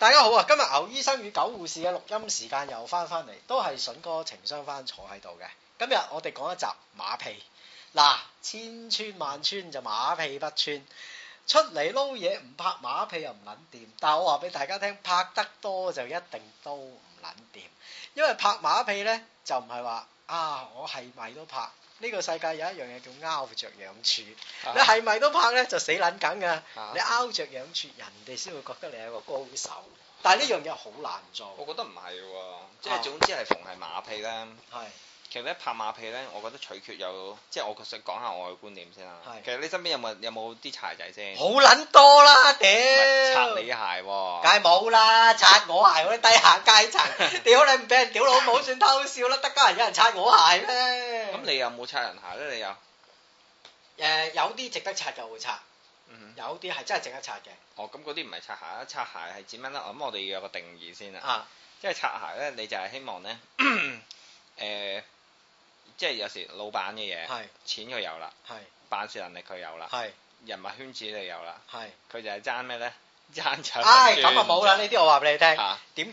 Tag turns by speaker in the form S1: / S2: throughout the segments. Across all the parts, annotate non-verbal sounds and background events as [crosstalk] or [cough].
S1: 大家好啊！今日牛醫生與狗護士嘅錄音時間又翻返嚟，都係筍哥情商翻坐喺度嘅。今日我哋講一集馬屁嗱，千穿萬穿就馬屁不穿，出嚟撈嘢唔拍馬屁又唔撚掂，但係我話俾大家聽，拍得多就一定都唔撚掂，因為拍馬屁呢，就唔係話啊，我係咪都拍？呢個世界有一樣嘢叫拗着癢處，啊、你係咪都拍咧就死撚緊㗎？啊、你拗着
S2: 癢處，人哋先
S1: 會覺得你係一個高手，但係呢樣嘢好難
S2: 做。我覺得唔係喎，即係總之係逢係馬屁啦。係、啊。其實咧拍馬屁咧，我覺得取決有，即係確實講下我嘅觀點先啦。是其實你身邊有冇有冇啲柴仔先？好捻多啦，屌！擦你鞋！哦，梗係
S1: 冇啦！擦我鞋嗰啲低下階層，屌 [laughs] 你唔俾人屌老母， [laughs] 算偷笑啦！得加人有人擦我鞋咩？咁你
S2: 有冇擦人鞋咧？你有？
S1: 誒，uh, 有啲值得擦就會擦，有啲係真係值得擦嘅。
S2: 哦、嗯哼，咁嗰啲唔係擦鞋啊！擦鞋係點樣咧？咁我哋要有個定義先啊！Uh. 即係擦鞋咧，你就係希望咧，誒、呃。呃即係有時老闆嘅嘢，錢佢有啦，辦事能力佢有啦，人物圈子佢有啦，佢就係爭咩咧？爭財。哎，咁啊冇啦！呢啲我話俾你聽，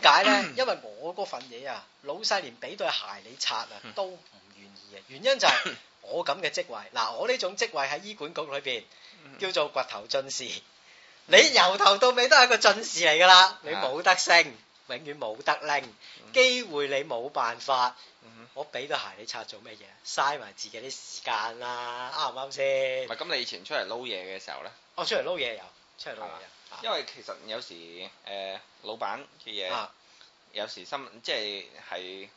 S2: 點解咧？
S1: 因為我嗰份嘢啊，老細連俾對鞋你擦啊，都唔願意嘅。原因就係我咁嘅職位，嗱，我呢種職位喺醫管局裏邊叫做掘頭進士，你由頭到尾都係個進士嚟噶啦，你冇得升。永遠冇得拎，嗯、哼機會你冇辦法，嗯、哼我俾對鞋你擦做咩嘢？嘥埋自己啲時間啦，啱唔啱先？唔係咁，你
S2: 以前出嚟撈嘢嘅時候咧？哦，出嚟撈嘢
S1: 有，出嚟撈嘢
S2: 因為其實有時誒、呃，老闆嘅嘢、啊、有時心即係係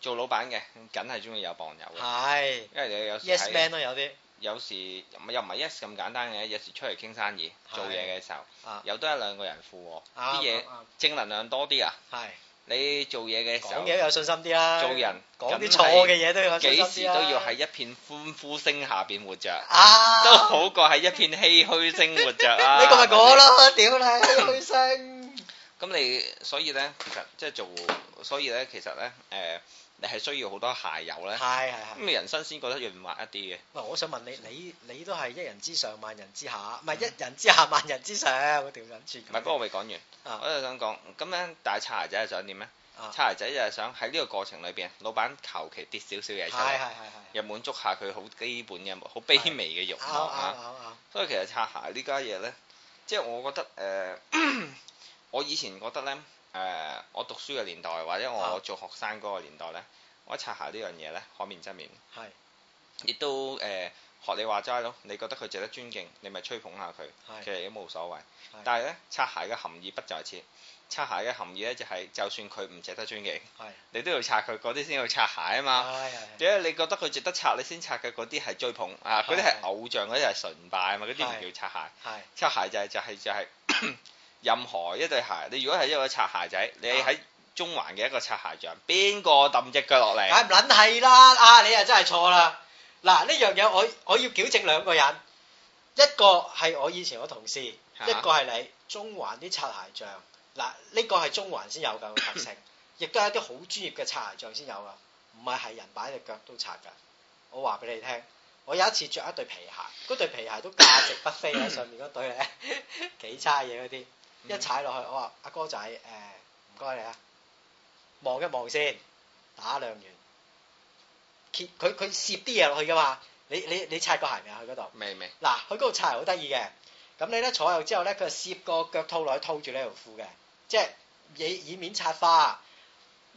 S2: 做老闆嘅，梗係中意有傍友嘅。是因為你有時。Yes man 都有啲。有時又唔係一 e 咁簡單嘅，有時出嚟傾生意、的做嘢嘅時候，又都係兩個人負喎，啲嘢、啊、正能量多啲啊！係、啊、你做嘢嘅時候，
S1: 有信心啲啦、啊。做人講啲錯嘅嘢都要有信心幾、啊、時都要喺
S2: 一片歡呼聲下邊活著，啊、都好過喺一片唏噓聲活着。啊！呢個咪嗰咯，屌你唏噓聲！咁 [laughs] 你所以咧，其實即係做，所以咧，其實咧，誒、呃。你係需要好多鞋油咧，係係係，咁人生先覺得潤滑一啲嘅。喂、呃，
S1: 我想問你，你你都係一人之上萬人之下，唔係、嗯、一人之下萬人之上嗰條緊唔係，不過我
S2: 未講完，啊、我就想講咁樣。但係擦鞋仔係想點咧？擦鞋、啊、仔就係想喺呢個過程裏邊，老闆求其跌少少嘢出嚟，又滿足下佢好基本嘅、好卑微嘅慾望啊！所以其實擦鞋呢家嘢咧，即、就、係、是、我覺得誒、呃， [coughs] 我以前覺得咧。誒，我讀書嘅年代或者我做學生嗰個年代呢，我擦鞋呢樣嘢呢，可免則免。
S1: 係。
S2: 亦都誒，學你話齋咯，你覺得佢值得尊敬，你咪吹捧下佢，其實都冇所謂。但係呢，擦鞋嘅含義不在此。擦鞋嘅含義呢，就係就算佢唔值得尊敬，你都要擦佢嗰啲先叫擦鞋啊嘛。係係。因為你覺得佢值得擦，你先擦嘅嗰啲係追捧啊，嗰啲係偶像，嗰啲係崇拜啊嘛，嗰啲唔叫擦鞋。係。擦鞋就係就係就係。任何一對鞋，你如果係一個擦鞋仔，你喺中環嘅一個擦鞋匠，邊個抌隻腳落嚟？梗係撚係啦！啊，你啊真係錯啦！嗱，呢樣嘢我我要矯正兩個人，
S1: 一個係我以前我同事，一個係你。中環啲擦鞋匠，嗱呢個係中環先有嘅特性，亦都係一啲好專業嘅擦鞋匠先有噶，唔係係人擺隻腳都擦噶。我話俾你聽，我有一次着一對皮鞋，嗰對皮鞋都價值不菲啊！上面嗰對咧幾差嘢嗰啲。一踩落去，我話阿哥仔，誒唔該你啊，望一望先，打量完，揭佢，佢攝啲嘢落去噶嘛，你你你擦過鞋未啊？去嗰度？未未沒。嗱，去嗰度擦好得意嘅，咁你咧坐入之後咧，佢就攝個腳套落去，套住呢條褲嘅，即係以以免擦花，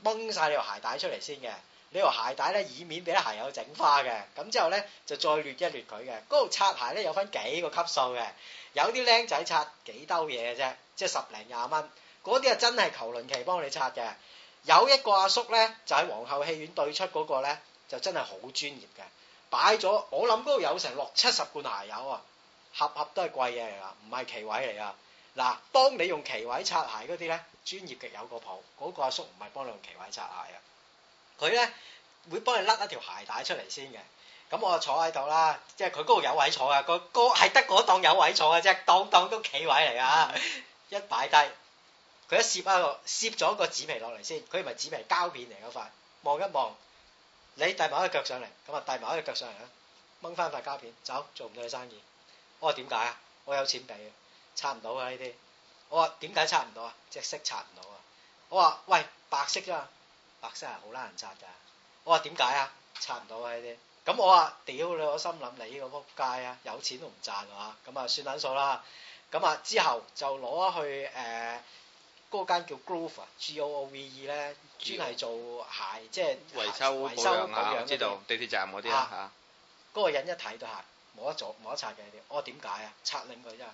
S1: 掹晒你條鞋帶出嚟先嘅。帶呢度鞋帶咧，以免俾啲鞋友整花嘅。咁之後咧，就再劣一劣佢嘅。嗰度擦鞋咧有分幾個級數嘅，有啲僆仔擦幾兜嘢嘅啫，即係十零廿蚊。嗰啲啊真係求輪期幫你擦嘅。有一個阿叔咧，就喺、是、皇后戲院對出嗰個咧，就真係好專業嘅。擺咗我諗嗰度有成六七十罐鞋油啊，盒盒都係貴嘢嚟噶，唔係奇位嚟噶。嗱，當你用奇位擦鞋嗰啲咧，專業嘅有個譜，嗰、那個阿叔唔係幫你用奇位擦鞋啊。佢咧會幫你甩一條鞋帶出嚟先嘅，咁我就坐喺度啦，即係佢嗰度有位坐啊，嗰個係得嗰檔有位坐嘅啫，檔檔都企位嚟啊，嗯、一擺低，佢一攝一個攝咗個紙皮落嚟先，佢唔係紙皮，膠片嚟嗰塊，望一望，你遞埋一隻腳上嚟，咁啊遞埋一隻腳上嚟啦，掹翻塊膠片，走做唔到生意，我話點解啊？我有錢俾，擦唔到啊呢啲，我話點解擦唔到啊？隻色擦唔到啊，我話喂白色啫嘛。白色係好難擦噶，我話點解啊？拆唔到呢啲，咁我話屌你，我心諗你呢個扑街啊！有錢都唔賺啊，咁啊算撚數啦。咁啊之後就攞去誒嗰間叫 Grove o 啊，G O O V E 咧，專係做鞋，即係
S2: 維修保養啊，知道地鐵站嗰啲啊。嗰
S1: 個人一睇，都係冇得做，冇得拆嘅，我話點解啊？拆唔佢真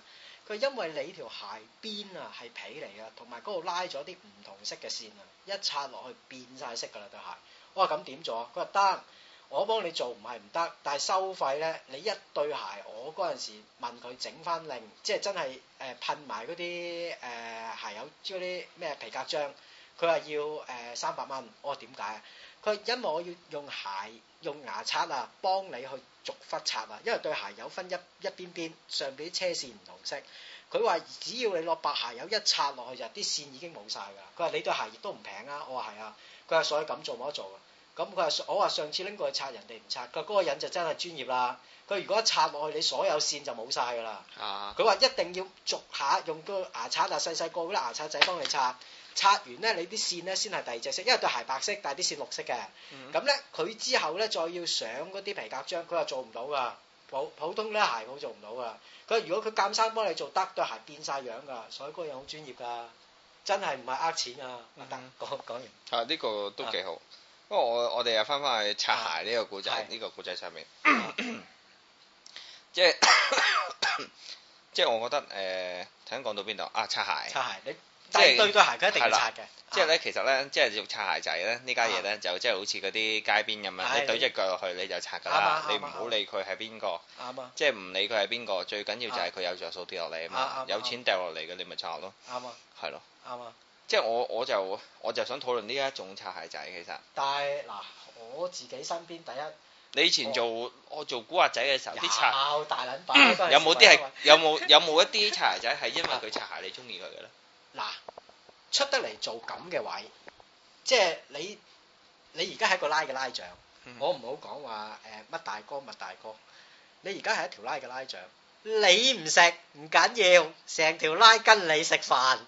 S1: 佢因為你條鞋邊啊係皮嚟噶，同埋嗰度拉咗啲唔同色嘅線啊，一拆落去變晒色噶啦對鞋。我話咁點做？佢話得，我幫你做唔係唔得，但係收費咧，你一對鞋我嗰陣時問佢整返靚，即係真係誒噴埋嗰啲誒鞋油即嗰啲咩皮革章，佢話要誒三百蚊。我話點解？佢因為我要用鞋用牙刷啊，幫你去逐忽刷啊，因為對鞋有分一一邊邊上邊啲車線唔同色。佢話只要你落白鞋油一刷落去就啲線已經冇晒㗎啦。佢話你對鞋亦都唔平啊，我話係啊。佢話所以咁做冇得做㗎。咁佢話我話上次拎過去刷人哋唔刷，佢嗰個人就真係專業啦。佢如果一刷落去你所有線就冇晒㗎啦。佢話、啊、一定要逐下用個牙刷啊，細細個嗰啲牙刷仔幫你刷。拆完咧，你啲線咧先係第二隻色，因為對鞋白色，但係啲線綠色嘅。咁、嗯、咧、嗯，佢之後咧再要上嗰啲皮夾章，佢又做唔到噶。普普通咧鞋冇做唔到噶。佢如果佢鑑山幫你做得對鞋變晒樣噶，所以嗰樣好專業噶，真係唔係呃錢啊。得講講
S2: 完。係，呢個都幾好，不過、uh、我我哋又翻返去擦鞋呢個古仔、uh，呢個古仔上面，即係即係我覺得誒，頭先講到邊度啊？擦、啊啊、鞋。擦鞋你。啊啊啊啊即係對腳鞋，梗係一定要擦嘅。即係咧，其實咧，即係要擦鞋仔咧，呢家嘢咧就即係好似嗰啲街邊咁樣，你懟隻腳落去你就擦噶啦，你唔好理佢係邊個。
S1: 啱。即
S2: 係唔理佢係邊個，最緊要就係佢有着數跌落嚟啊嘛，有錢掉落嚟嘅你咪擦咯。啱啊。係咯。啱啊。即係我我就我就想討論呢一種擦鞋仔其實。但係嗱，我自己身邊
S1: 第
S2: 一。你以前做我做古惑仔嘅時候啲擦，
S1: 大撚把。有冇啲係
S2: 有冇有冇一啲擦鞋仔係因為佢擦鞋你中意佢嘅咧？嗱。
S1: 出得嚟做咁嘅位，即係你你而家係個拉嘅拉長，我唔好講話誒乜大哥乜大哥，你而家係一條拉嘅拉長，你唔食唔緊要，成條拉跟你食飯，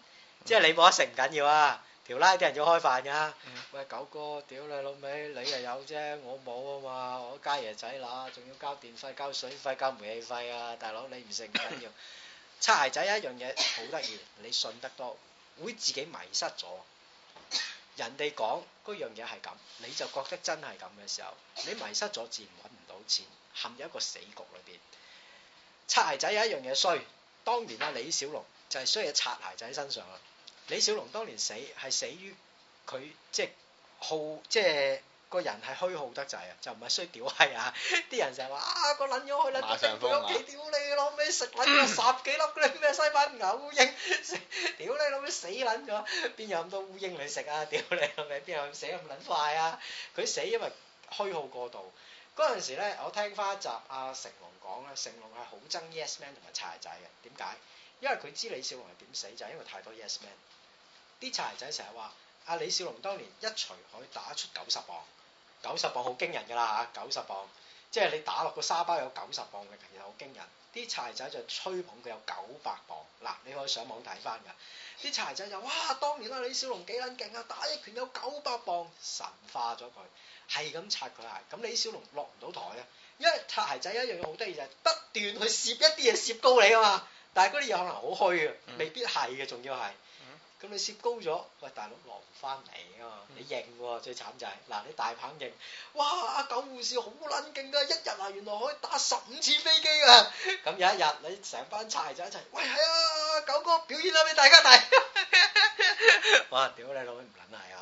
S1: 即係你冇得食唔緊要啊，條拉啲人要開飯噶，喂九哥，屌你老味，你又有啫，我冇啊嘛，我家爺仔乸，仲要交電費、交水費、交煤氣費啊，大佬你唔食唔緊要，擦鞋仔一樣嘢好得意，你信得多。會自己迷失咗，人哋講嗰樣嘢係咁，你就覺得真係咁嘅時候，你迷失咗自然揾唔到錢，陷入一個死局裏邊。擦鞋仔有一樣嘢衰，當年啊李小龍就係衰喺擦鞋仔身上啊！李小龍當年死係死於佢即係好即係。個人係虛耗得滯啊，就唔係衰屌閪啊！啲人成日話啊個撚樣去撚啲，佢幾屌你老味食撚咗十幾粒嗰啲咩西班牙烏蠅，屌你老味死撚咗，邊有咁多烏蠅你食啊？屌你老味邊有死咁撚快啊？佢死因為虛耗過度嗰陣時咧，我聽翻一集阿成龍講啊，成龍係好憎 yes man 同埋柴仔嘅點解？因為佢知李小龍係點死就係因為太多 yes man，啲柴仔成日話阿李小龍當年一捶可以打出九十磅。九十磅好驚人㗎啦吓，九十磅，即係你打落個沙包有九十磅力，其實好驚人。啲擦鞋仔就吹捧佢有九百磅，嗱，你可以上網睇翻㗎。啲擦鞋仔就哇，當然啦，李小龍幾撚勁啊，打一拳有九百磅，神化咗佢，係咁擦佢啊。咁李小龍落唔到台啊，因為擦鞋仔一樣嘢好得意就係不斷去攝一啲嘢攝高你啊嘛，但係嗰啲嘢可能好虛啊，未必係嘅，仲要係。咁你攝高咗，喂大陸落唔翻嚟啊嘛，嗯、你勁喎、啊，最慘就係、是、嗱你大棒勁，哇阿狗護士好撚勁啊，一日啊原來可以打十五次飛機啊，咁有一日你成班柴仔一齊，喂係啊狗哥表演啦俾大家睇， [laughs] 哇屌你老味唔撚啊。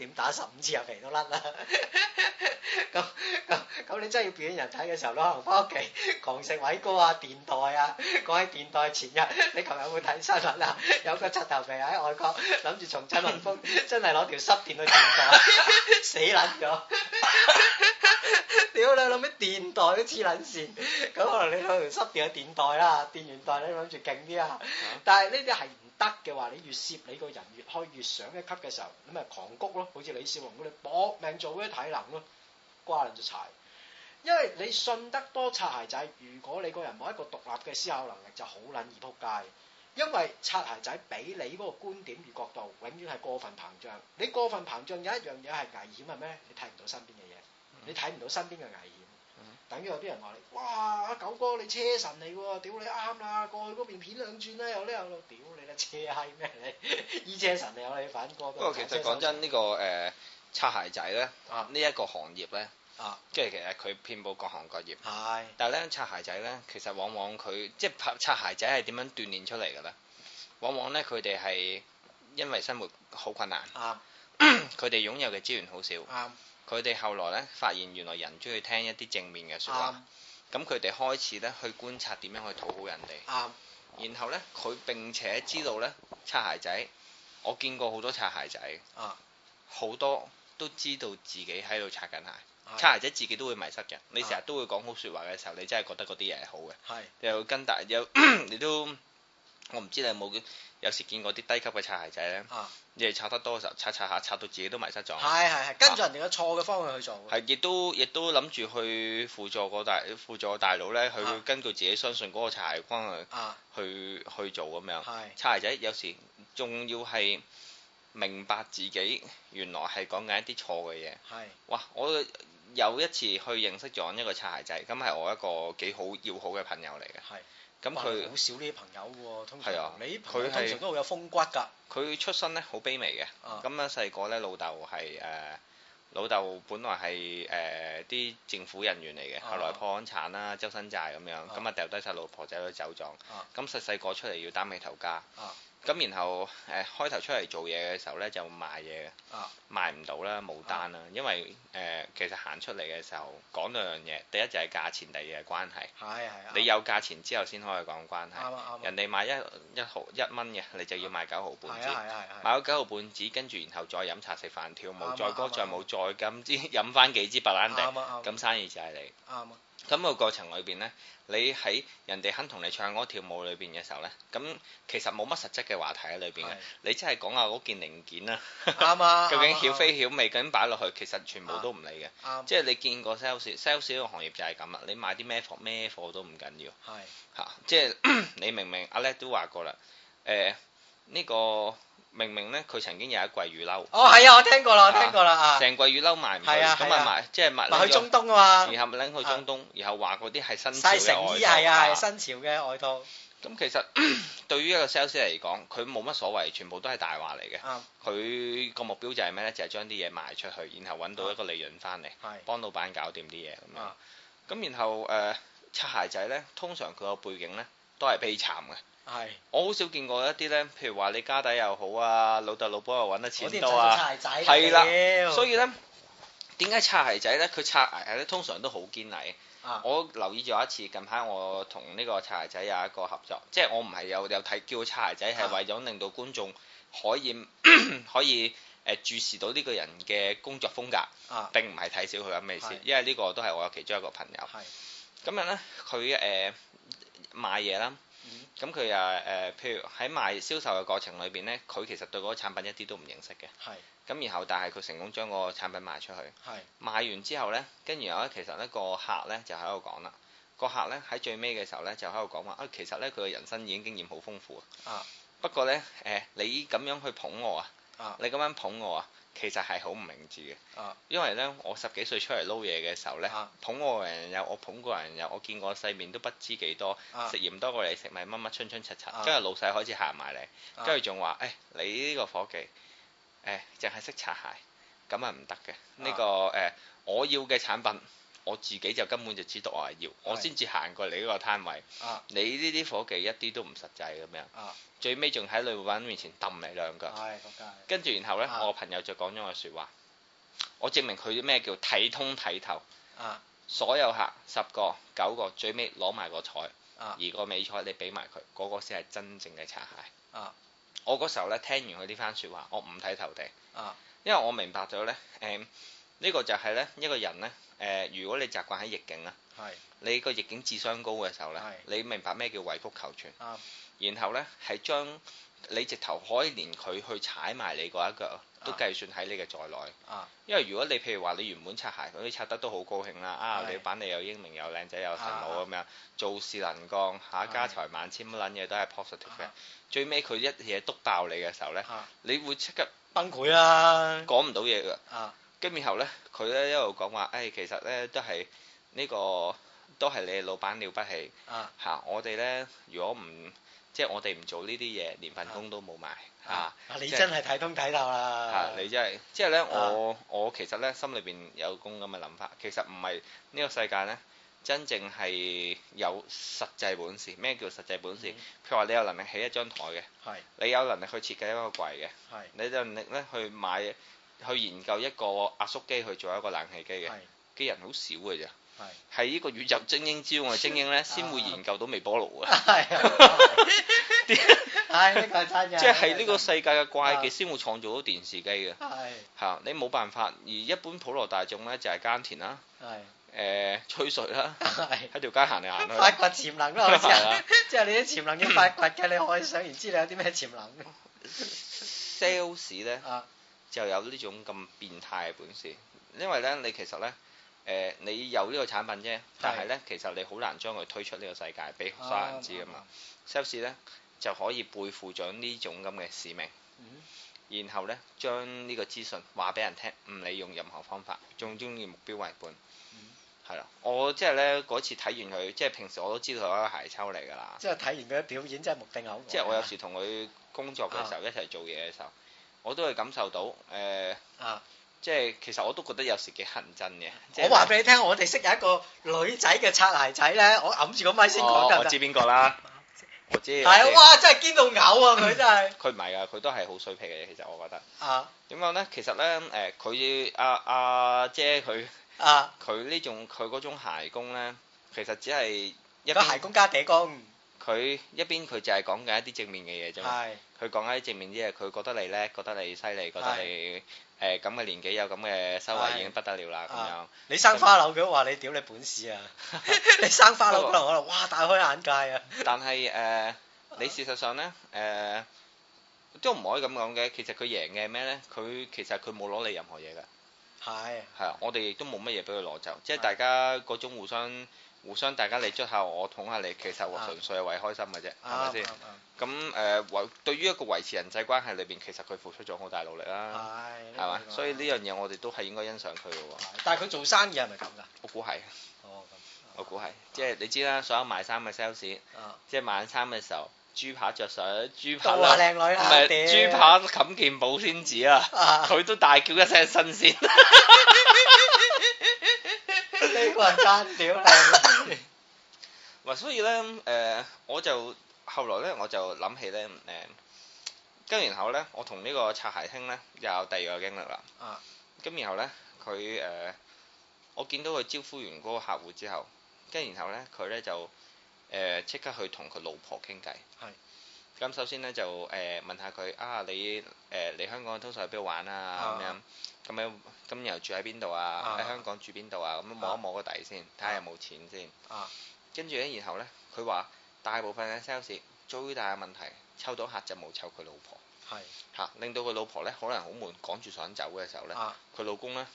S1: 點打十五次入、啊、皮都甩啦！咁咁咁，你真係要表演人仔嘅時候，可能翻屋企狂食偉哥啊、電袋啊，講起電袋前日，你琴日有冇睇新聞啊？有個七頭皮喺外國諗住重振雄風， [laughs] 真係攞條濕電去電袋， [laughs] 死撚了咗！屌 [laughs] 你諗起電袋都黐撚線，咁可能你攞條濕電去電袋啦，電源袋你諗住勁啲啊！但係呢啲係。得嘅話，你越攝你個人越開越上一級嘅時候，咁咪狂谷咯，好似李少龍嗰啲搏命做嗰啲體能咯，瓜撚咗柴。因為你信得多擦鞋仔，如果你個人冇一個獨立嘅思考能力，就好撚易仆街。因為擦鞋仔俾你嗰個觀點與角度，永遠係過分膨脹。你過分膨脹有一樣嘢係危險係咩？你睇唔到身邊嘅嘢，你睇唔到身邊嘅危險。等於有啲人話你，哇！阿九哥你車神嚟喎，屌你啱啦，過去嗰邊片兩轉啦，又叻又屌你啦，車閪咩你？依車神你
S2: 有你反過。不過 [laughs] 其實講真呢、呢個誒擦、呃、鞋仔咧，呢一、啊、個行業咧，即係、啊、其實佢遍布各行各業。係、啊。但係咧，擦鞋仔咧，其實往往佢即係擦擦鞋仔係點樣鍛鍊出嚟嘅咧？往往咧，佢哋係因為生活好困難，佢哋、啊啊、擁有嘅資源好少。啊啊佢哋後來咧，發現原來人鍾意聽一啲正面嘅説話，咁佢哋開始咧去觀察點樣去討好人哋，啊、然後咧，佢並且知道咧，擦鞋仔，我見過好多擦鞋仔，好、啊、多都知道自己喺度擦緊鞋，啊、擦鞋仔自己都會迷失嘅。啊、你成日都會講好説話嘅時候，你真係覺得嗰啲嘢係好嘅，你、啊、又跟大有你都。我唔知你有冇，有時見過啲低級嘅擦鞋仔咧，啊、你係擦得多嘅時候，擦擦下，擦到自己都迷失咗。係係
S1: 係，跟住人哋嘅錯嘅方向去做。
S2: 係、啊，亦都亦都諗住去輔助個大，輔助大佬咧，佢會根據自己相信嗰個擦鞋工去、啊、去去做咁樣。係是，擦鞋仔有時仲要係明白自己原來係講緊一啲錯嘅嘢。係是。哇！我有一次去認識咗一個擦鞋仔，咁係我一個幾好要好嘅朋友嚟嘅。係是。咁佢好
S1: 少呢啲朋友喎，通常你啲朋友都好有風骨㗎。
S2: 佢出身咧好卑微嘅，咁啊細個咧，老豆係誒，老豆、呃、本來係誒啲政府人員嚟嘅，啊、後來破產啦、啊、周身債咁樣，咁啊掉低晒老婆仔去走葬。咁細細個出嚟要擔起頭家。啊啊咁然後誒開頭出嚟做嘢嘅時候呢，就賣嘢嘅，賣唔到啦冇單啦，因為誒其實行出嚟嘅時候講兩樣嘢，第一就係價錢，第二係關係。
S1: 係係。
S2: 你有價錢之後先可以講關係。人哋賣一一毫一蚊嘅，你就要賣九毫半紙。賣咗九毫半紙，跟住然後再飲茶食飯跳舞再歌再舞再咁之飲翻幾支白蘭地，咁生意就係你。咁個過程裏邊呢，你喺人哋肯同你唱歌跳舞裏邊嘅時候呢，咁其實冇乜實質嘅話題喺裏邊嘅，是你即係講下嗰件零件啊，啱啊，啊 [laughs] 究竟曉非曉未咁擺落去，其實全部都唔理嘅，啊啊、即係你見過 sales，sales 呢個行業就係咁啦，你賣啲咩貨咩貨都唔緊要，係是，嚇、啊，即係 [coughs] 你明明，明阿叻都話過啦，誒、呃、呢、這個。明明咧，佢曾經有一季雨褸。哦，係啊，我聽
S1: 過啦，我聽過啦啊。成
S2: 季雨褸埋，唔係啊，咁埋埋，即係埋去中東啊嘛。然後拎去中東，然後話嗰啲係新。曬成衣係啊，係新潮嘅外套。咁其實對於一個 sales 嚟講，佢冇乜所謂，全部都係大話嚟嘅。佢個目標就係咩咧？就係將啲嘢賣出去，然後揾到一個利潤翻嚟，幫老闆搞掂啲嘢咁樣。咁然後誒，擦鞋仔咧，通常佢個背景咧都係悲慘嘅。係，我好少見過一啲咧，譬如話你家底又好啊，老豆老母又揾得錢多啊，係啦，所以咧，點解擦鞋仔咧？佢擦鞋咧，通常都好堅毅。我留意咗一次，近排我同呢個擦鞋仔有一個合作，即係我唔係有有睇叫擦鞋仔，係為咗令到觀眾可以可以誒注視到呢個人嘅工作風格，並唔係睇少佢嘅意思，因為呢個都係我嘅其中一個朋友。咁樣咧，佢誒買嘢啦。咁佢啊誒，譬如喺賣銷售嘅過程裏邊咧，佢其實對嗰個產品一啲都唔認識嘅。係是。咁然後，但係佢成功將個產品賣出去。係是。賣完之後咧，跟住有一其實一個客咧就喺度講啦，個客咧喺最尾嘅時候咧就喺度講話啊，其實咧佢個人生已經經驗好豐富啊。啊。不過咧誒、呃，你咁樣去捧我啊？啊，你咁樣捧我啊？其實係好唔明智嘅，因為呢，我十幾歲出嚟撈嘢嘅時候呢，捧我人又，我捧過人又，我見過世面都不知幾多，食鹽多過你食咪乜乜春春擦擦，calle, 跟住老細開始行埋嚟，跟住仲話誒你呢個伙計誒淨係識擦鞋，咁啊唔得嘅，呢、呢個誒、哎、我要嘅產品。我自己就根本就知道我係要，的我先至行過嚟呢個攤位。啊、你呢啲伙計一啲都唔實際咁樣，啊、最尾仲喺女伴面前揼你兩腳。啊、跟住然後呢，啊、我朋友就講咗個説話，我證明佢咩叫睇通睇透。啊！所有客十個九個最尾攞埋個彩，啊、而個尾彩你俾埋佢，嗰、嗰個先係真正嘅擦鞋。啊！我嗰時候呢，聽完佢呢番説話，我五體投地。啊！因為我明白咗呢，誒、嗯、呢、嗯呢個就係呢一個人呢。誒，如果你習慣喺逆境啊，係你個逆境智商高嘅時候咧，你明白咩叫委曲求全啊？然後咧係將你直頭可以連佢去踩埋你嗰一腳都計算喺你嘅在內啊！因為如果你譬如話你原本擦鞋嗰啲擦得都好高興啦啊，你板你又英明又靚仔又神武咁樣，做事能幹，下家財萬千，乜撚嘢都係 positive 嘅，最尾佢一嘢督爆你嘅時候咧，你會即刻崩潰啊，講唔到嘢㗎啊！跟住後咧，佢咧一路講話，誒，其實咧都係呢個都係你哋老闆了不起嚇，我哋咧如果唔即係我哋唔做呢啲嘢，連份工都冇埋嚇。你真
S1: 係睇通睇透啦！嚇，你
S2: 真係即係咧，我我其實咧心裏邊有個咁嘅諗法，其實唔係呢個世界咧真正係有實際本事。咩叫實際本事？譬如話你有能力起一張台嘅，你有能力去設計一個櫃嘅，你有能力咧去買。去研究一個壓縮機去做一個冷氣機嘅是機人好少嘅啫，係呢是個宇宙精英之中嘅精英咧，先 [laughs] 會研究到微波爐啊！係 [laughs] [laughs] 、
S1: 哎，這個、即係呢個
S2: 世界嘅怪技，先會創造到電視機嘅，係嚇 [laughs] 是你冇辦法。而一般普羅大眾咧就係、是、耕田啦，誒吹水啦，喺條、呃、 [laughs] 是街行嚟行去 [laughs] 發
S1: 掘潛能咯，即係 [laughs] [laughs] 你啲潛能要發掘嘅，你可以想，唔 [laughs] 知你有啲咩潛能
S2: ？Sales 咧。 [laughs] S [laughs] 就有呢種咁變態嘅本事，因為咧你其實咧，誒、呃、你有呢個產品啫，但係咧其實你好難將佢推出呢個世界俾所有人知噶嘛。Sales 咧、啊啊啊 so, 就可以背負咗呢種咁嘅使命，嗯、然後咧將呢個資訊話俾人聽，唔理用任何方法，仲中意目標為本。係啦、嗯，我即係咧嗰次睇完佢，即係平時我都知道佢個鞋抽嚟㗎啦。
S1: 即係睇完佢嘅表演，即係目定口呆、啊、即係我有
S2: 時同佢工作嘅時候，啊、一齊做嘢嘅時候。嗯我都係感受到，誒，啊，即係其實我都覺得有時幾狠真嘅。我話俾
S1: 你聽，我哋識有一個女仔嘅擦鞋仔咧，我揞住個咪先講得唔得？我知
S2: 邊個啦，我知。係啊，哇，
S1: 真係堅到嘔啊！佢真係。
S2: 佢唔係啊，佢都係好水皮嘅嘢，其實我覺得。啊。點講咧？其實咧，誒，佢阿阿姐佢，啊，佢呢種佢嗰種鞋工咧，其實只係一個鞋工加底工。佢一邊佢就係講緊一啲正面嘅嘢啫。係。佢講緊正面啲嘢，佢覺得你咧，覺得你犀利，覺得你誒咁嘅年紀有咁嘅收穫已經不得了啦咁樣。
S1: 你生花柳
S2: 佢話，你屌你本事啊！
S1: 你生花柳可能可能，
S2: 哇大開眼界啊！但係誒，你事實上咧誒，都唔可以咁講嘅。其實佢贏嘅咩咧？佢其實佢冇攞你任何嘢㗎。係。
S1: 係
S2: 啊，我哋亦都冇乜嘢俾佢攞走，即係大家嗰種互相。互相大家嚟捽下我捅下你，其實我純粹係為開心嘅啫，係咪先？咁誒維對於一個維持人際關係裏邊，其實佢付出咗好大努力啦，係嘛？所以呢樣嘢我哋都係應該欣賞佢嘅喎。但係佢做生意係咪咁㗎？我估係。哦
S1: 咁。
S2: 我估係，即係你知啦，所有賣衫嘅 sales，即係晚餐嘅時候，豬扒着上，豬扒啦，靚女豬扒冚件保鮮紙啊，佢都大叫一聲新鮮。
S1: 呢個
S2: 人單屌啦，咪 [laughs] [laughs] 所以呢，誒、呃，我就後來呢，我就諗起呢。誒、呃，跟然後呢，我同呢個擦鞋兄呢，又有第二個經歷啦，咁、啊、然後呢，佢誒、呃，我見到佢招呼完嗰個客戶之後，跟然後呢，佢呢就誒即、呃、刻去同佢老婆傾偈，係。咁首先咧就誒、呃、問下佢啊，你誒嚟、呃、香港通常去邊度玩啊？咁樣咁樣咁又住喺邊度啊？喺、啊啊、香港住邊度啊？咁、啊、摸一摸個底先，睇下有冇錢先。啊，跟住咧，然後咧，佢話大部分嘅 sales 最大嘅問題，抽到客就冇抽佢老婆。係嚇是、啊，令到佢老婆咧可能好悶，趕住想走嘅時候咧，佢、啊、老公咧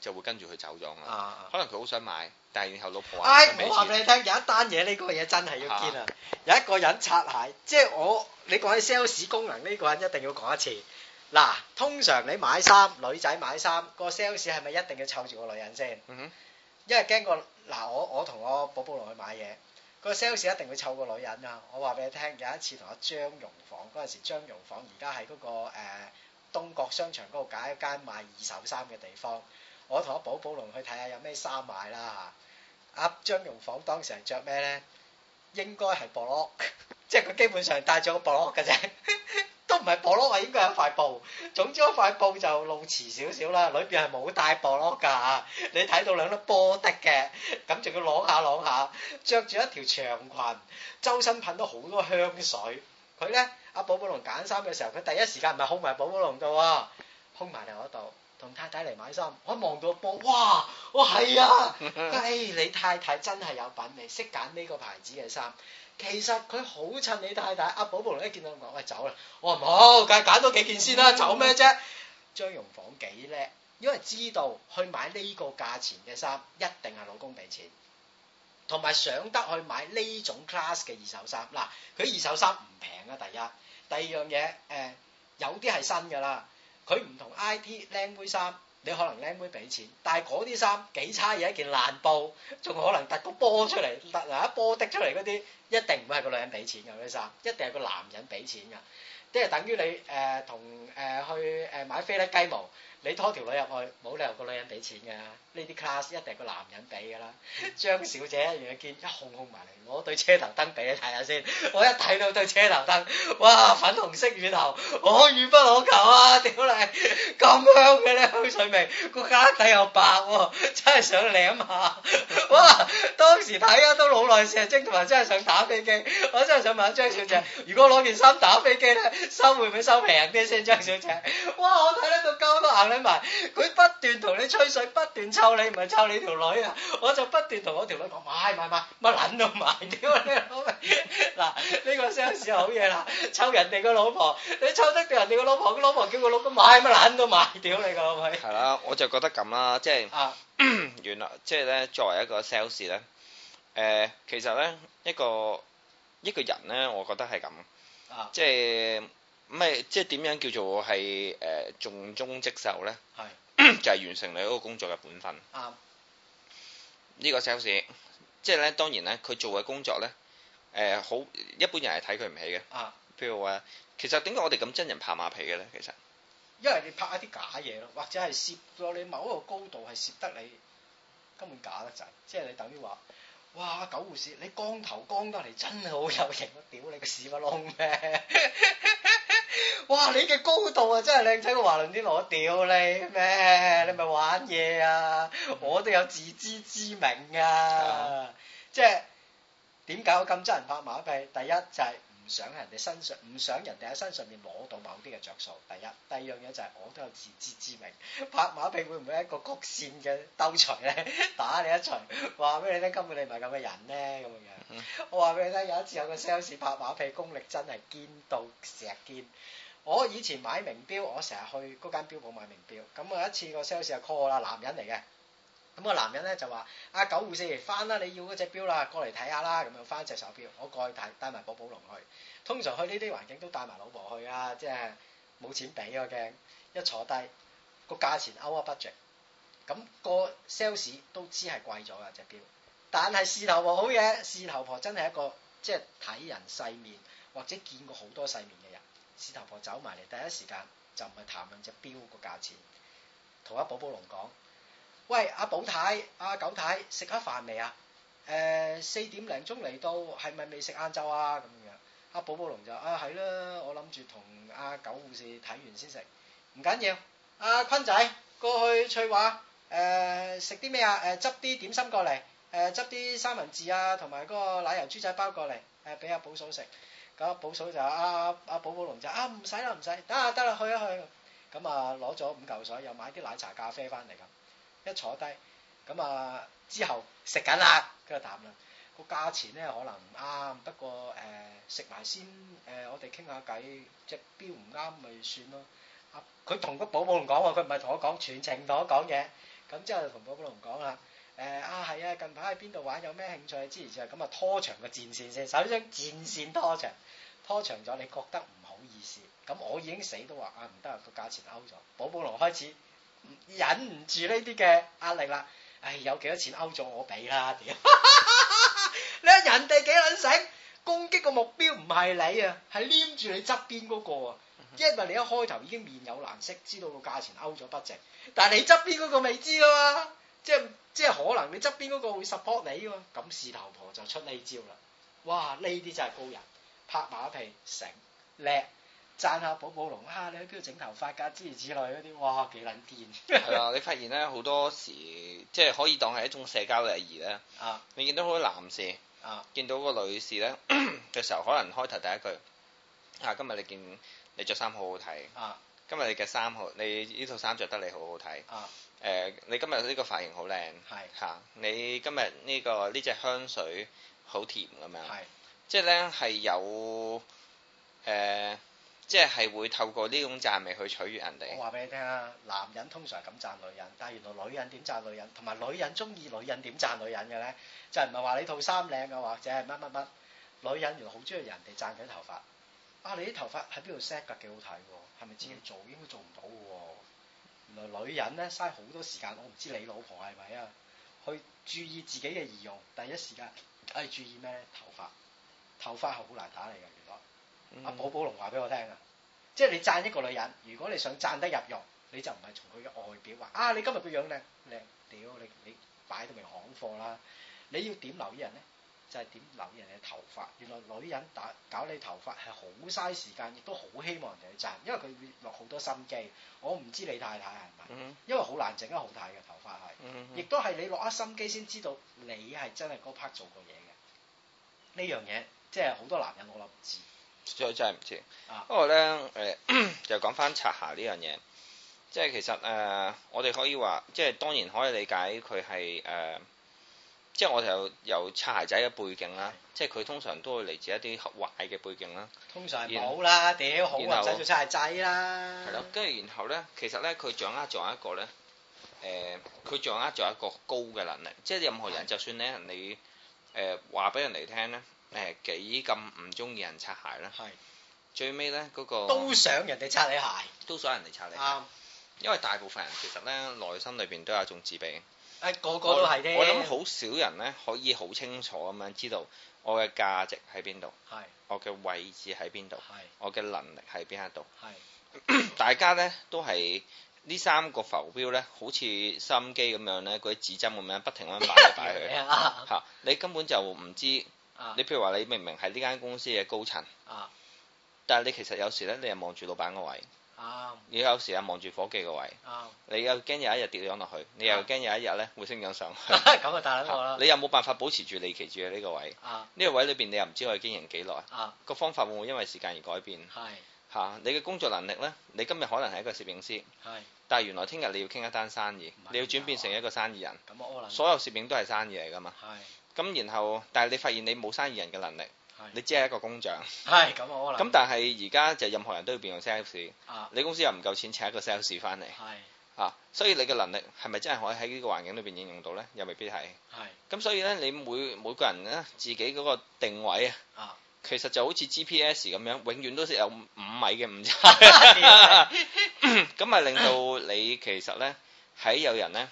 S2: 就會跟住佢走咗啦、啊。可能佢好想買。但係老婆啊！哎、我話俾你
S1: 聽，有一單嘢，呢個嘢真係要堅
S2: 啊！有一個
S1: 人擦鞋，即係我你講起 sales 功能呢、這個人一定要講一次。嗱，通常你買衫，女仔買衫，個 sales 係咪一定要湊住個女人先？嗯、哼。因為驚個嗱，我我同我寶寶龍去買嘢，那個 sales 一定會湊個女人啊！我話俾你聽，有一次同阿張蓉房嗰陣時張、那個，張蓉房而家喺嗰個誒東角商場嗰度搞一間賣二手衫嘅地方，我同阿寶寶龍去睇下有咩衫買啦吓。阿、啊、張蓉房當時係着咩咧？應該係薄褸，即係佢基本上戴咗個薄褸嘅啫， [laughs] 都唔係薄褸啊，應該係塊布。總之嗰塊布就露臍少少啦，裏邊係冇戴薄褸㗎。你睇到兩粒波的嘅，咁仲要攞下攞下，下，着住一條長裙，周身噴到好多香水。佢咧，阿、啊、寶寶龍揀衫嘅時候，佢第一時間唔係烘埋寶寶龍度喎，烘埋你嗰度。同太太嚟買衫，我一望到波，哇！我係啊，哎，你太太真係有品味，識揀呢個牌子嘅衫。其實佢好襯你太太。阿寶寶一見到我，喂、哎、走啦！我話唔好，梗係揀多幾件先啦，走咩啫？嗯嗯嗯、張蓉房幾叻，因為知道去買呢個價錢嘅衫一定係老公俾錢，同埋想得去買呢種 class 嘅二手衫。嗱，佢二手衫唔平啊！第一，第二樣嘢，誒、呃、有啲係新噶啦。佢唔同 I.T. 靚妹衫，你可能靚妹俾錢，但係嗰啲衫幾差嘢，一件爛布，仲可能突個波出嚟，突嗱一波出的出嚟嗰啲，一定唔會係個女人俾錢嘅，嗰啲衫一定係個男人俾錢㗎，即係等於你誒同誒去誒、呃、買飛甩雞毛。你拖條女入去，冇理由個女人俾錢嘅，呢啲 class 一定係個男人俾噶啦。張小姐袁玉娟一控控埋嚟，我對車頭燈俾你睇下先，我一睇到對車頭燈，哇粉紅色乳頭，我、哦、欲不可求啊！屌你，咁香嘅咧，香水味，個架底又白喎、啊，真係想舐下。哇！當時睇啊都好耐事，蒸同埋真係想打飛機，我真係想問下張小姐，如果攞件衫打飛機咧，收會唔會收平啲先？張小姐，哇！我睇得到交到買埋佢，不斷同你吹水，不斷湊你，唔係湊你條女啊！我就不斷同我條女講，買買買，乜撚都買，屌你老味！嗱，呢個 sales 好嘢啦，湊人哋個老婆，你湊得掉人哋個老婆，個老婆叫個老公買乜撚都
S2: 買，屌你個老味！係啦，我就覺得咁啦，即係原來即係咧，作為一個 sales 咧，誒，其實咧一個一個人咧，我覺得係咁，即係。唔係，即係點樣叫做係誒，盡忠職守咧？係是 [coughs] 就係、是、完成你嗰個工作嘅本分。
S1: 啱、嗯。
S2: 呢個護士，即係咧，當然咧，佢做嘅工作咧，誒、呃，好一般人係睇佢唔起嘅。啊、嗯。譬如話，其實點解我哋咁憎人拍馬屁嘅咧？其實，
S1: 因為你拍一啲假嘢咯，或者係攝到你某一個高度係攝得你根本假得滯，即係你等於話，哇！狗護士，你光頭光得嚟真係好有型，屌你個屎忽窿咩？ [laughs] 哇！你嘅高度啊，真係靚仔個華倫天奴，我屌你咩？你咪玩嘢啊！我都有自知之明啊，嗯、啊即係點解我咁憎人拍馬屁？第一就係、是。想喺人哋身上，唔想人哋喺身上面攞到某啲嘅着數。第一，第二樣嘢就係、是、我都有自知之明，拍馬屁會唔會係一個曲線嘅兜捶咧？打你一捶，話俾你聽，根本你唔係咁嘅人咧，咁樣。 [laughs] 我話俾你聽，有一次有個 sales 拍馬屁，拍馬屁功力真係堅到石堅。我以前買名錶，我成日去嗰間錶鋪，買名錶。咁我有一次有個 sales 就 call 我啦，男人嚟嘅。咁個男人咧就話：阿、啊、九護士，返啦！你要嗰隻錶啦，過嚟睇下啦。咁樣翻隻手錶，我過去睇，帶埋寶寶龍去。通常去呢啲環境都帶埋老婆去啊，即係冇錢俾，驚一坐低個價錢 over budget。咁個 sales 都知係貴咗噶隻錶，但係事頭婆好嘢，事頭婆真係一個即係睇人世面，或者見過好多世面嘅人。事頭婆走埋嚟，第一時間就唔係談論隻錶個價錢，同阿寶寶龍講，喂，阿寶太、阿九太食咗飯未啊？誒四點零鐘嚟到，係咪未食晏晝啊？咁樣阿寶寶龍就啊，係啦，我諗住同阿九護士睇完先食，唔緊要。阿坤仔過去翠華誒食啲咩啊？誒執啲點心過嚟，誒執啲三文治啊，同埋嗰個奶油豬仔包過嚟，誒俾阿寶嫂食。咁阿寶嫂就阿阿寶寶龍就啊，唔使啦唔使，得啊得啦，去一去。咁啊攞咗五嚿水，又買啲奶茶咖啡翻嚟咁。一坐低，咁啊之後食緊啦，跟住談啦。個價錢咧可能唔啱，不過誒食埋先，誒我哋傾下偈，只標唔啱咪算咯。阿佢同個寶寶龍講喎，佢唔係同我講全程同我講嘢，咁之後就同寶寶龍講啊，誒啊係啊，近排喺邊度玩，有咩興趣？之前就係咁啊拖長個戰線先，首先戰線拖長，拖長咗你覺得唔好意思，咁我已經死都話啊唔得，個價錢勾咗。寶寶龍開始。忍唔住呢啲嘅壓力、哎、啦！唉，有幾多錢勾咗我俾啦？屌！你話人哋幾撚醒？攻擊個目標唔係你啊，係黏住你側邊嗰個啊！因為你一開頭已經面有難色，知道個價錢勾咗不值，但係你側邊嗰個未知喎、啊，即係即係可能你側邊嗰個會 support 你喎、啊。咁事頭婆就出呢招啦！哇，呢啲真係高人，拍馬屁成叻。讚下寶寶龍蝦！你喺邊度整頭髮㗎之類之類嗰啲哇幾撚癲係啊！
S2: 你發現咧好多時即係可以當係一種社交嘅禮儀咧啊！你見到好多男士啊，見到個女士咧嘅時候，可能開頭第一句吓，今日你見你着衫好好睇啊，今日你嘅衫好，你呢套衫着得你好好睇啊。誒，你今日呢個髮型好靚係嚇，你今日呢個呢隻香水好甜咁樣係，即係咧係有誒。即係會透過呢種讚美去取悅人哋。我話
S1: 俾你聽啊，男人通常係咁讚女人，但係原來女人點讚女人，同埋女人中意女人點讚女人嘅咧，就係唔係話你套衫靚啊，或者係乜乜乜？女人原來好中意人哋讚佢頭髮啊！你啲頭髮喺邊度 set 㗎？幾好睇喎？係咪自己做應該做唔到嘅喎？原來女人咧嘥好多時間，我唔知你老婆係咪啊？去注意自己嘅儀容，第一時間係、哎、注意咩？頭髮，頭髮係好難打理嘅。阿寶寶龍話俾我聽啊，即係你讚一個女人，如果你想讚得入肉，你就唔係從佢嘅外表話啊，你今日個樣靚靚，屌你你擺到明行貨啦！你要點留意人咧？就係、是、點留意人嘅頭髮。原來女人打搞你頭髮係好嘥時間，亦都好希望人哋去讚，因為佢會落好多心機。我唔知你太太係咪，是是嗯，因為好難整得好睇嘅頭髮係，亦都係你落咗心機先知道你係真係嗰 part 做過嘢嘅。呢樣嘢即係好多男人我，我諗唔
S2: 知。真真係唔知，啊、不過咧誒，就講翻擦鞋呢樣嘢，即係其實誒、呃，我哋可以話，即係當然可以理解佢係誒，即係我哋有有擦鞋仔嘅背景啦，的即係佢通常都會嚟自一啲壞嘅背景啦，通常冇啦，屌好啊，使後做擦
S1: 鞋仔啦，係咯，
S2: 跟住然後咧，其實咧，佢掌握咗一個咧，誒、呃，佢掌握咗一個高嘅能力，即係任何人，的就算咧你誒話俾人哋聽咧。的誒，幾咁唔中意人擦鞋啦。係最尾咧，嗰個都
S1: 想人哋擦你鞋，
S2: 都想人哋擦你。啱，因為大部分人其實咧，內心裏邊都有種自卑。
S1: 誒，個個都係咧。我諗好
S2: 少人咧可以好清楚咁樣知道我嘅價值喺邊度，我嘅位置喺邊度，我嘅能力喺邊一度。
S1: 係
S2: 大家咧都係呢三個浮標咧，好似心機咁樣咧，嗰啲指針咁樣不停咁擺嚟擺去。吓，你根本就唔知。你譬如話你明明係呢間公司嘅高層，但係你其實有時咧，你又望住老闆個位，你有時又望住夥計個位，你又驚有一日跌咗落去，你又驚有一日咧會升咗上去。咁啊，大啦！你有冇辦法保持住你企住嘅呢個位？呢個位裏邊你又唔知可以經營幾耐？個方法會唔會因為時間而改變？係吓，你嘅工作能力咧，你今日可能係一個攝影師，但係原來聽日你要傾一單生意，你要轉變成一個生意人。
S1: 咁所
S2: 有攝影都係生意嚟噶嘛？係。咁然後，但係你發現你冇生意人嘅能力，你只係一個工匠。係咁可能。咁但係而家就任何人都要變做 sales。啊。你公司又唔夠錢請一個 sales 翻嚟。係。啊，所以你嘅能力係咪真係可以喺呢個環境裏邊應用到咧？又未必係。係。咁所以咧，你每每個人咧自己嗰個定位啊，其實就好似 GPS 咁樣，永遠都是有五米嘅誤差。咁咪令到你其實咧喺有人咧。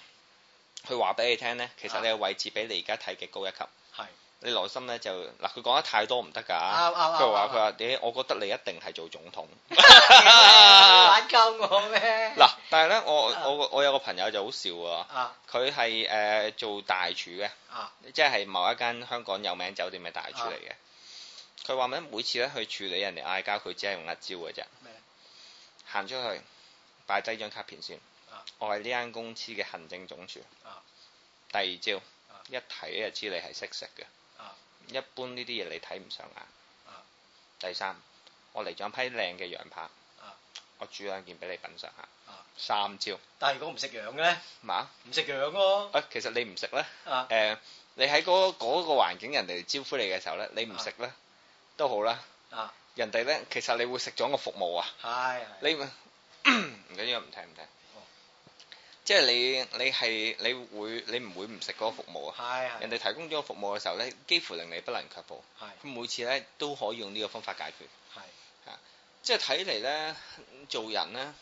S2: 佢話俾你聽咧，其實你嘅位置比你而家睇嘅高一級。係，你內心咧就嗱，佢講得太多唔得噶。佢話佢話，誒，我覺得你一定係做總統。
S1: 玩鳩我咩？
S2: 嗱，但係咧，我我我有個朋友就好笑啊。佢係誒做大廚嘅。即係某一間香港有名酒店嘅大廚嚟嘅。佢話咩？每次咧去處理人哋嗌交，佢只係用一招嘅啫。
S1: 咩？
S2: 行出去，擺低張卡片先。我係呢間公司嘅行政總廚。啊。第二招，一睇就知你係識食嘅。啊。一般呢啲嘢你睇唔上眼。啊。第三，我嚟咗一批靚嘅羊扒。啊。我煮兩件俾你品嚐下。啊。三招。但係如果唔食羊嘅咧？嘛。唔食羊喎。誒，其實你唔食咧。啊。你喺嗰嗰個環境，人哋招呼你嘅時候咧，你唔食咧，都好啦。啊。人哋咧，其實你會食咗一個服務啊。係你唔緊要，唔聽唔聽。即係你，你係你會，你唔會唔食嗰個服務啊？係係。人哋提供咗個服務嘅時候咧，幾乎令你不能卻步。係。咁每次咧都可以用呢個方法解決。係。啊，即係睇嚟咧，做人咧，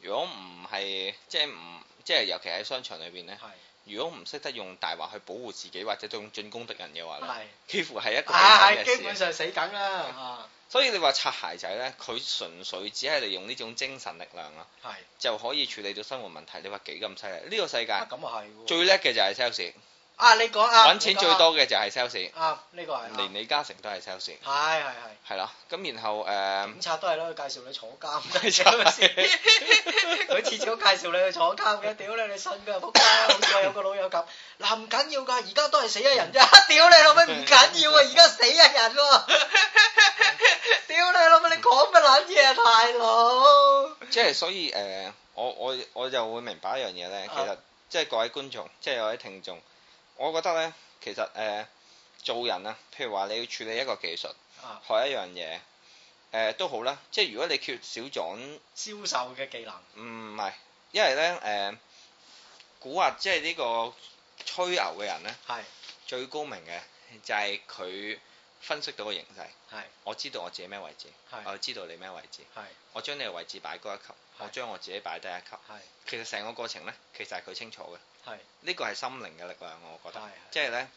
S2: 如果唔係即係唔即係，尤其喺商場裏邊咧。係。如果唔識得用大話去保護自己，或者用進攻敵人嘅話咧，是幾乎係一個係、啊、基本上
S1: 死梗啦。
S2: 所以你話擦鞋仔呢，佢純粹只係利用呢種精神力量啊，是就可以處理到生活問題。你話幾咁犀利？呢、這個世界最叻嘅就係 sales。啊！你
S1: 講啊，搵錢最多
S2: 嘅就係 sales。啊，呢個係連李嘉誠都係 sales。係係
S1: 係。
S2: 係啦，咁然後誒，警
S1: 察都係咯，介紹你坐監，介紹 sales。佢次次都介紹你去坐監嘅，屌你，你信噶？仆街啊！好似我有個老友咁，嗱唔緊要噶，而家都係死咗人啫。屌你老味，唔緊要啊，而家死咗人咯。屌你老味，你講乜捻嘢啊，大佬？
S2: 即係所以誒，我我我就會明白一樣嘢咧，其實即係各位觀眾，即係有啲聽眾。我覺得咧，其實誒、呃、做人啊，譬如話你要處理一個技術，啊、學一樣嘢，誒、呃、都好啦。即係如果你缺少咗銷售嘅技能、嗯，唔係，因為咧誒，估、呃、下即係呢個吹牛嘅人咧，係是 最高明嘅就係佢。分析到個形勢，係是我知道我自己咩位置，係是我知道你咩位置，係是我將你嘅位置擺高一級，是我將我自己擺低一級，係是其實成個過程咧，其實係佢清楚嘅，係呢是個係心靈嘅力量，我覺得，係是即係咧，誒、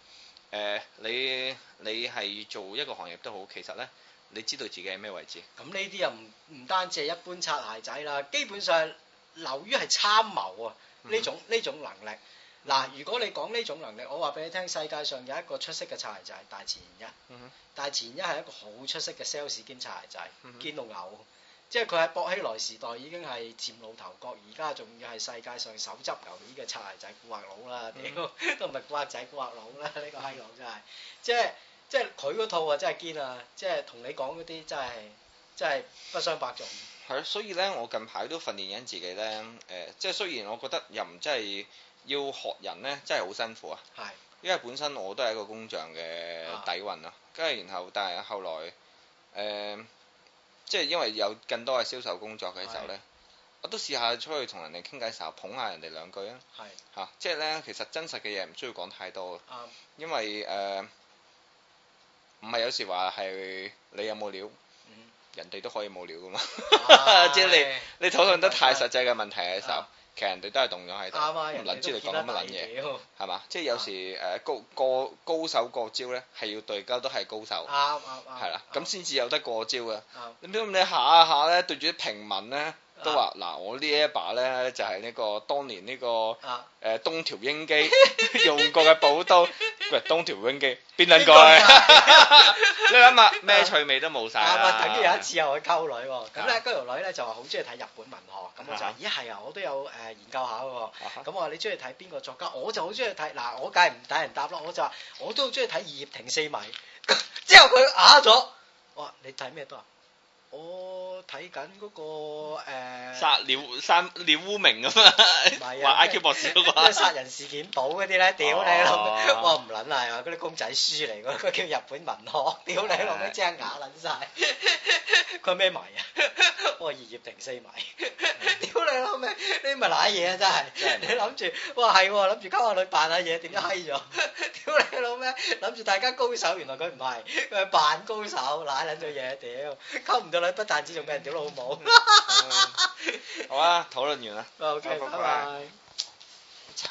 S2: 呃、你你係做一個行業都好，其實咧，你知道自己係咩位置，
S1: 咁呢啲又唔唔單止係一般擦鞋仔啦，基本上流於係參謀啊呢種呢種能力。嗱，如果你講呢種能力，我話俾你聽，世界上有一個出色嘅擦鞋仔，大前研一，嗯、哼大前研一係一個好出色嘅 sales 兼擦鞋仔，堅到牛，即係佢喺薄熙來時代已經係嶄露頭角，而家仲要係世界上手執牛耳嘅擦鞋仔，古惑佬啦，屌都唔係古惑仔古惑佬啦，呢、這個閪佬真係，即係即係佢嗰套啊，真係堅啊，即係同你講嗰啲真係真係不相伯仲。
S2: 係咯，所以咧，我近排都訓練緊自己咧，誒、呃，即係雖然我覺得又唔真係。要學人呢，真係好辛苦啊！係是，因為本身我都係一個工匠嘅底蘊啦、啊，跟住、啊、然，然後但係後來，呃、即係因為有更多嘅銷售工作嘅時候呢，是我都試下出去同人哋傾偈時候捧下人哋兩句是啊！係
S1: 吓，
S2: 即係呢，其實真實嘅嘢唔需要講太多、嗯、因為誒、唔、呃、係有時話係你有冇料，嗯、人哋都可以冇料噶嘛。哎、 [laughs] 即係你你討論得太實際嘅問題嘅時候。嗯嗯其人哋都係動咗喺度，唔撚知你講乜撚嘢，係嘛、啊？即係、就是、有時誒高、啊 uh, 過高手過招咧，係要對家都係高手，係啦、啊啊啊啊啊，咁先至有得過招嘅。咁你、啊嗯、下下咧，對住啲平民咧，都話嗱，我一把呢一把咧就係、是、呢、那個當年呢、這個誒、啊、東條英機用過嘅寶刀。 [laughs] 喂，東條英機，邊撚個你想想？你諗下咩趣味都冇晒。啊，等於有一次我
S1: 去溝女，咁咧嗰條女咧就話好中意睇日本文學，咁我就話：咦係啊，我都有誒、呃、研究下喎。咁我話你中意睇邊個作家？我就好中意睇嗱，我梗係唔等人答咯。我就話我都好中意睇二葉亭四迷。 [laughs] 之後佢啞咗，我話你睇咩都話？哦。睇緊嗰個誒
S2: 殺鳥殺鳥烏鳴啊嘛，話 IQ 博士嗰個，嗰啲殺
S1: 人事件簿嗰啲咧，屌你老味！我話唔撚啦，係嘛？嗰啲公仔書嚟，嗰個叫日本文學，屌你老味！真係咬撚曬。佢咩迷啊？我話二葉亭四迷。屌你老味！你咪瀨嘢啊！真係，你諗住我話係喎，諗住溝下女扮下嘢，點解閪咗？屌你老味！諗住大家高手，原來佢唔係，佢係扮高手，瀨撚咗嘢，屌！溝唔到女不但止，做咩？
S2: 屌老母，好啊，討論完啦，OK，拜拜。